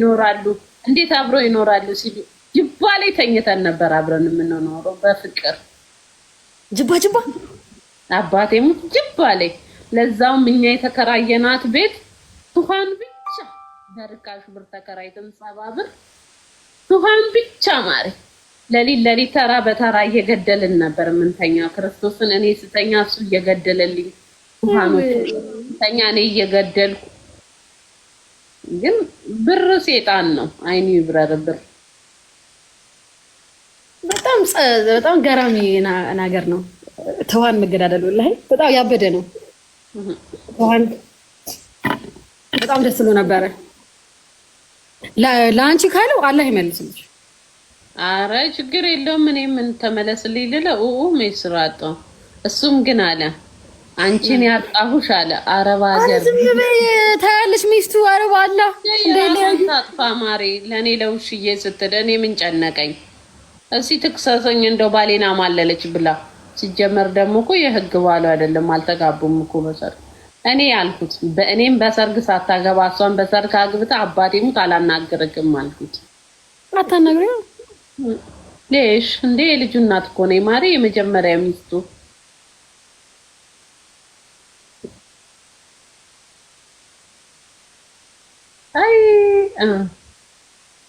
ይኖራሉ እንዴት አብረው ይኖራሉ ሲሉ ጅባ ላይ ተኝተን ነበር አብረን የምንኖረው በፍቅር ጅባ ጅባ አባቴ ጅባ ላይ ለዛውም እኛ የተከራየናት ቤት ቱሃን ብቻ በርካሽ ብር ተከራይተን ሰባ ብር ቱሃን ብቻ ማሪ ለሊት ለሊት ተራ በተራ እየገደልን ነበር ምንተኛ ክርስቶስን እኔ ስተኛ እሱ እየገደለልኝ ቱሃኖች ተኛ እኔ እየገደልኩ ግን ብር ሴጣን ነው። አይኑ ይብረር ብር በጣም በጣም ገራሚ ነገር ነው። ተዋን መገዳደል ላይ በጣም ያበደ ነው። ተዋን በጣም ደስ ብሎ ነበረ። ለአንቺ ካለው አላህ ይመልስልሽ። አረ ችግር የለውም እኔ ምን ተመለስልኝ ልለው ሜስራጦ እሱም ግን አለ አንቺን ያጣሁሽ አለ አረባ ሀገር ታያለሽ ሚስቱ አረባ አላ ታጥፋ ማሬ ለእኔ ለውሽዬ ስትል እኔ ምን ጨነቀኝ እስኪ ትክሰሰኝ እንደው ባሌን አማለለች ብላ ሲጀመር ደግሞ እኮ የህግ ባሉ አይደለም አልተጋቡም እኮ በሰርግ እኔ ያልኩት በእኔም በሰርግ ሳታገባ እሷን በሰርግ አግብታ አባቴ ሙት አላናገረግም አልኩት አታናግሪ ሌሽ እንዴ የልጁ እናት እኮ ነኝ ማሬ የመጀመሪያ ሚስቱ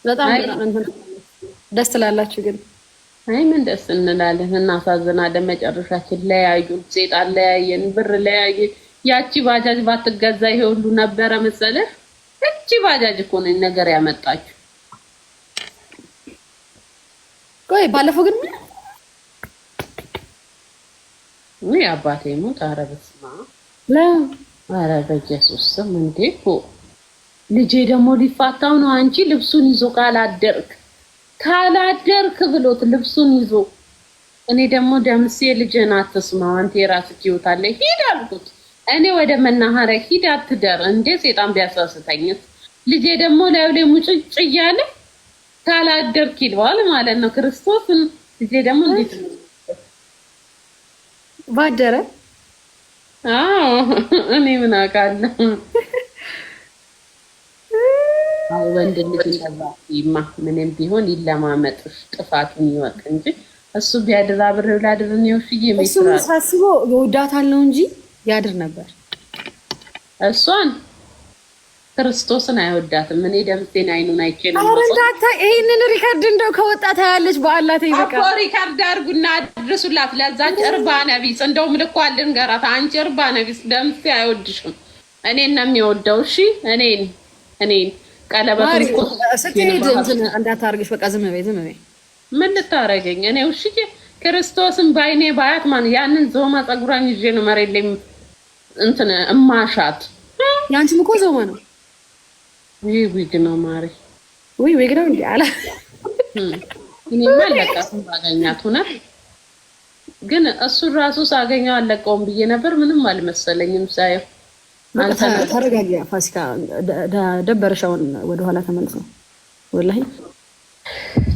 በጣም ደስ ትላላችሁ ግን አይ ምን ደስ እንላለን። እናሳዝናለን። መጨረሻችን ለያዩን፣ ሴጣን ለያየን፣ ብር ለያየን። ያቺ ባጃጅ ባትገዛ ይሄ ሁሉ ነበረ መሰለህ። እቺ ባጃጅ እኮ ነው ነገር ያመጣችሁ። ቆይ ባለፈው ግን ምን አባቴ ሞት። ኧረ በስመ አብ ለ ኧረ በኢየሱስ ስም እንዴ እኮ ልጄ ደግሞ ሊፋታው ነው። አንቺ ልብሱን ይዞ ካላደርክ ካላደርክ ብሎት ልብሱን ይዞ እኔ ደግሞ ደምሴ ልጄን አትስማ አንተ የራስህ ህይወት አለ ሂድ አልኩት። እኔ ወደ መናኸሪያ ሂድ አትደር እንዴ ሴጣን ቢያሳስተኝስ? ልጄ ደግሞ ላዩ ላይ ሙጭጭ እያለ ካላደርክ ይለዋል ማለት ነው። ክርስቶስን ልጄ ደግሞ እንዴት ነው ባደረ? አዎ እኔ ምን አውቃለሁ። ወንድ ልጅ እንደዛ ምንም ቢሆን ይለማመጥ ጥፋቱን ይወቅ እንጂ እሱ ቢያድር አብሬው ላድር ነው ፍዬ እሱ ሳስቦ እወዳታለሁ እንጂ ያድር ነበር። እሷን ክርስቶስን አይወዳትም። እኔ ደምሴን አይኑን አይቼ ነው። አረንታታ ሪከርድ እንደው ከወጣ ታያለች። በአላተ ይበቃ እኮ ሪከርድ አድርጉና አድርሱላት ለዛች እርባ ነቢስ። እንደውም ልኳል ልንገራት፣ አንቺ እርባ ነቢስ ደምሴ አይወድሽም። እኔን ነው የሚወደው። እሺ እኔን እኔን ቀለበት በቃ ዝም በይ ዝም በይ። ምን ልታረገኝ እኔ ውሽዬ፣ ክርስቶስን በአይኔ ባያት ማን ያንን ዞማ ፀጉሯን ይዤ ነው መሬት ላይ እንትን እማሻት። ያንቺም እኮ ዞማ ነው። ውይ ዊግ ነው ማሪ፣ ውይ ዊግ ነው እንዲ እኔማ ባገኛት ሁነት ግን እሱን ራሱ ሳገኘው አለቀውም ብዬ ነበር። ምንም አልመሰለኝም ሳየው ተረጋጊ ፋሲካ ደበረሻውን ወደኋላ ተመልሶ ወላሂ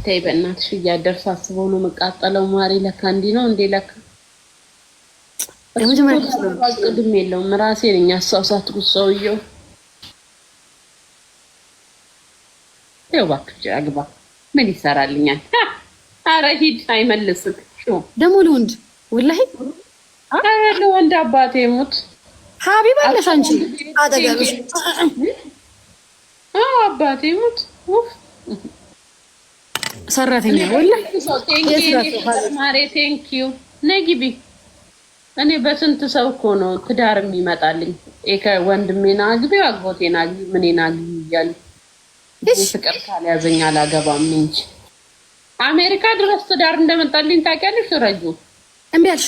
ተይ በእናትሽ እያደርሱ አስበው ነው መቃጠለው። ማሪ ለካ እንዲህ ነው እንዴ? ለካ ቅድም የለውም ራሴ እኛ አሳውሳት ሰውየው ይኸው እባክህ አግባ ምን ይሰራልኛል? አረ ሂድ፣ አይመልስም ደግሞ ለወንድ ወላሂ፣ ለወንድ አባቴ ሙት ሀቢብ አለሽ አንቺ አጠገብሽ። አባቴ ሙት ሰራተኛ ወላማሬ ቴንኪዩ ነግቢ። እኔ በስንት ሰው እኮ ነው ትዳር የሚመጣልኝ። ወንድሜና ግቢ፣ አጎቴና ግቢ፣ ምኔና ግቢ እያሉ ፍቅር ካልያዘኝ አላገባም እንጂ አሜሪካ ድረስ ትዳር እንደመጣልኝ ታውቂያለሽ። ረጁ እምቢ አልሽ?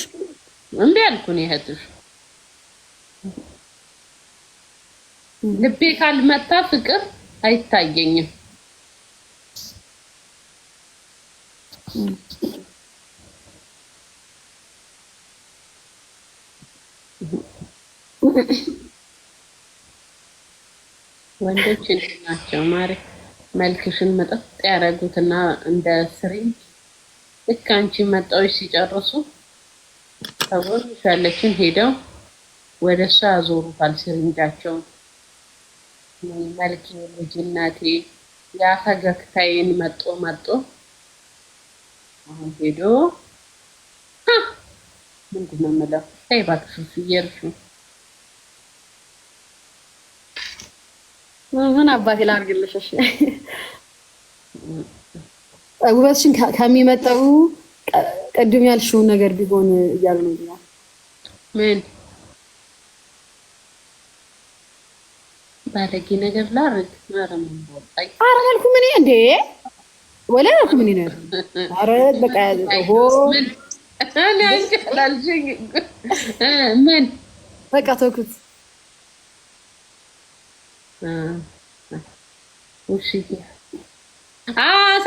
እምቢ አልኩ እኔ እህትሽ ልቤ ካልመታ ፍቅር አይታየኝም። ወንዶች እንዴት ናቸው ማሪ መልክሽን መጠጥ ያደረጉትና እንደ ስሪኝ ልክ አንቺ መጣዎች ሲጨርሱ ሰዎች ያለችን ሄደው ወደ እሷ ያዞሩታል ሲሪንጃቸውን። መልኬ ልጅነቴ ያ ፈገግታዬን መጦ መጦ አሁን ሄዶ ምንድን ነው የምለው? ተይ እባክሽ እየሄድሽ ምን አባቴ ላድርግልሽ? እሺ ውበትሽን ከሚመጣው ቅድም ያልሽውን ነገር ቢሆን እያሉ ነው ምን ባለጌ ነገር ላረግ አረልኩም ምን እንዴ ወላ አልኩም ምን ነው። አረ በቃ ሆ ምን በቃ ተውኩት። እሺ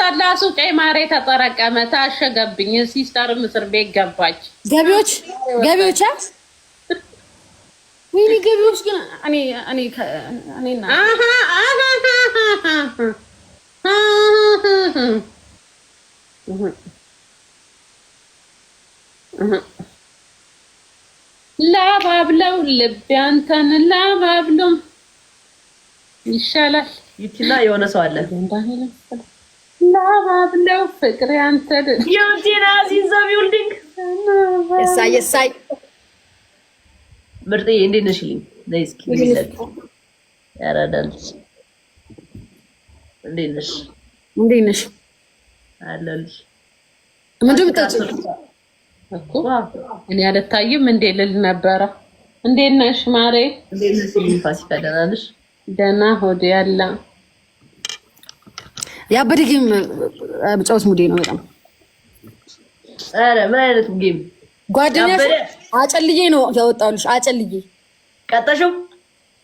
ሰላሱ ቀይ ማሬ ተጠረቀመ ታሸገብኝ። ሲስተር ምስር ቤት ገባች። ገቢዎች ገቢዎች ወይኔ ገቢዎች ግን እኔ እኔ እኔና ላባብለው ልብ ያንተን ላባብለው ይሻላል። ይችላ የሆነ ሰው አለ ላባብለው ፍቅር ያንተን ዩቲና ሲዘብ ይውልድግ እሳይ ምርጥ እንዴት ነሽ? ልኝ ነይ እስኪ እንዴት ነሽ? እንዴት ነሽ? አለልሽ ምንድን ብታጭ እኮ እኔ አልታይም እንዴ ልል ነበረ። እንዴት ነሽ ማሬ? እንዴት ነሽ? ፋሲካ ደህና ነሽ? ደህና ሆድ ያበደ ጌም ብጫወት ሙዴ ነው በጣም ኧረ ምን አይነት ጌም ጓደኛሽ አጨልዬ ነው ያወጣሁልሽ። አጨልዬ ቀጠሽው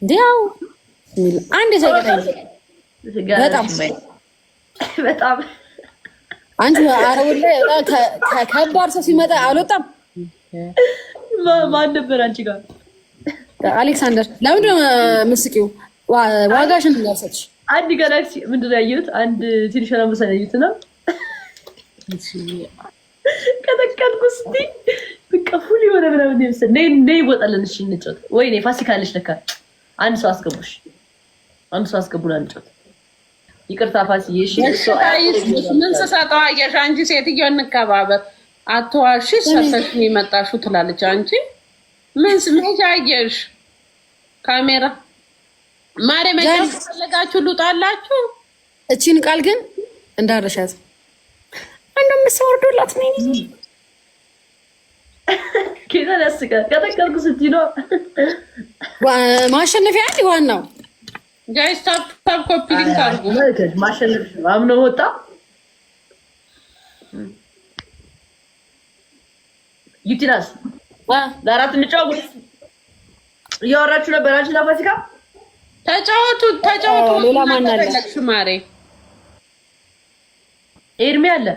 እንዲያው አንድ ሰው በጣም በጣም አንቺ አረቡላ ከባድ ሰው ሲመጣ አልወጣም። ማን ነበር አንቺ ጋር? አሌክሳንደር ለምንድን ነው ምስቂው? ዋጋሽን ያሰች አንድ ጋላክሲ ምንድን ነው ያየሁት? አንድ ትንሽ አንበሳ ያየሁት ነው ቀጠቀጥኩ ስቲ ይወጣለን። እሺ እንጫወት። ወይኔ ፋሲካ አለች ለካ። አንድ ሰው አስገቡሽ፣ አንድ ሰው አስገቡና እንጫወት። ይቅርታ ፋሲዬ። እሺ ምን ስሰጠዋ አየሽ አንቺ ሴትዮ፣ እንከባበር። አትዋሺ፣ ሰተሽ የመጣሽው ትላለች። አንቺ ምን ስሜት አየሽ? ካሜራ ማሬ መጫወት ፈለጋችሁ ልውጣላችሁ። እቺን ቃል ግን እንዳረሻት አንድ አምስት ወርዶላት ነው ኬዘን ያስቀር ቀጠቀጥኩ ስትይ ነው ማሸነፊያ አንድ ዋናው ጋይስ ታፕ ታፕ ኮፒ ሊንክ አድርጉ። ማሸነፍ አምነው ወጣ። ዩቲናስ ለአራት እንጫወት እያወራችሁ ነበር። አንቺ እና ተጫወቱ ተጫወቱ። ሌላ ማን አለ? ማሬ ኤርሜ አለ።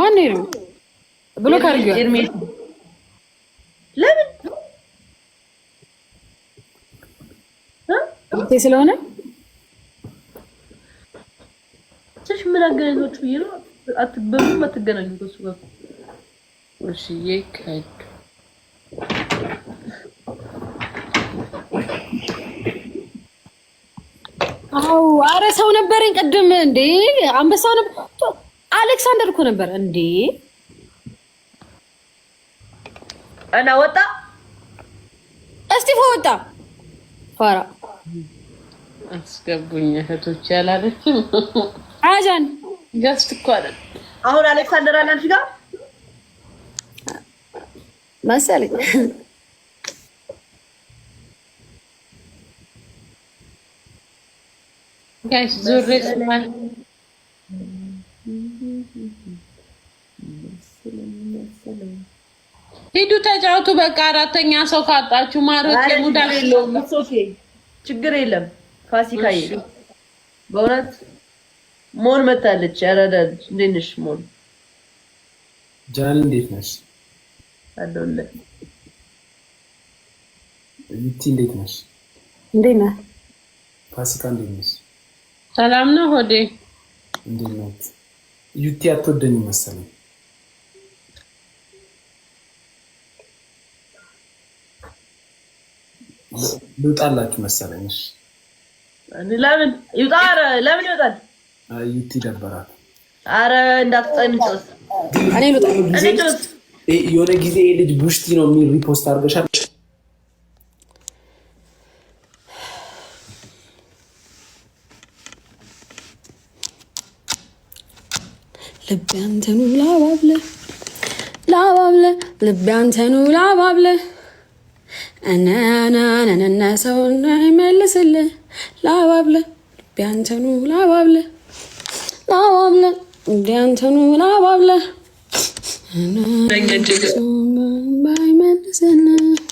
ማን ነው ብሎ ካርጊ ኤርሜ ለምን ስለሆነ ሽ ምን አገናኛችሁ ብዬ ነው። በምንም አትገናኙ ከሱ ጋር እሽዬ ከዱ አው አረ ሰው ነበረኝ ቅድም እንዴ አንበሳ ነበር አሌክሳንደር እኮ ነበር እንዴ እና ወጣ እስጢፎ ወጣ ፋራ አስገቡኝ እህቶች ያላለችም አጃን ገስት እኮ አይደል አሁን አሌክሳንደር አለ አንቺ ጋር መሰለኝ ጋይስ ዞሬ ሂዱ ተጫውቱ። በቃ አራተኛ ሰው ካጣችሁ ማረት የሙዳ ችግር የለም። ፋሲካዬ በእውነት ሞን መታለች ያረዳለች። እንዴት ነሽ ሞን? ጃን እንዴት ነሽ? አለሁልህ። ዩቲ እንዴት ነሽ? እንዴት ነህ? ፋሲካ እንዴት ነሽ? ሰላም ነው ሆዴ። እንዴት ናት ዩቲ? አትወደኝም መሰለኝ ልውጣላችሁ መሰለኝ። ለምን ይውጣ? ኧረ ለምን ይወጣል? ይውት ይደበራል። ኧረ እንዳትጠን የሆነ ጊዜ ልጅ ቡሽቲ ነው የሚል ሪፖስት አድርገሻል። ልቤ አንተኑ ላባብለ ላባብለ ልቤ አንተኑ ላባብለ እናናናና ሰው እንዳይመልስልህ ላባብለ ቢያንተኑ ላባብለ ላባብለ ቢያንተኑ ላባብለ ባይመልስልህ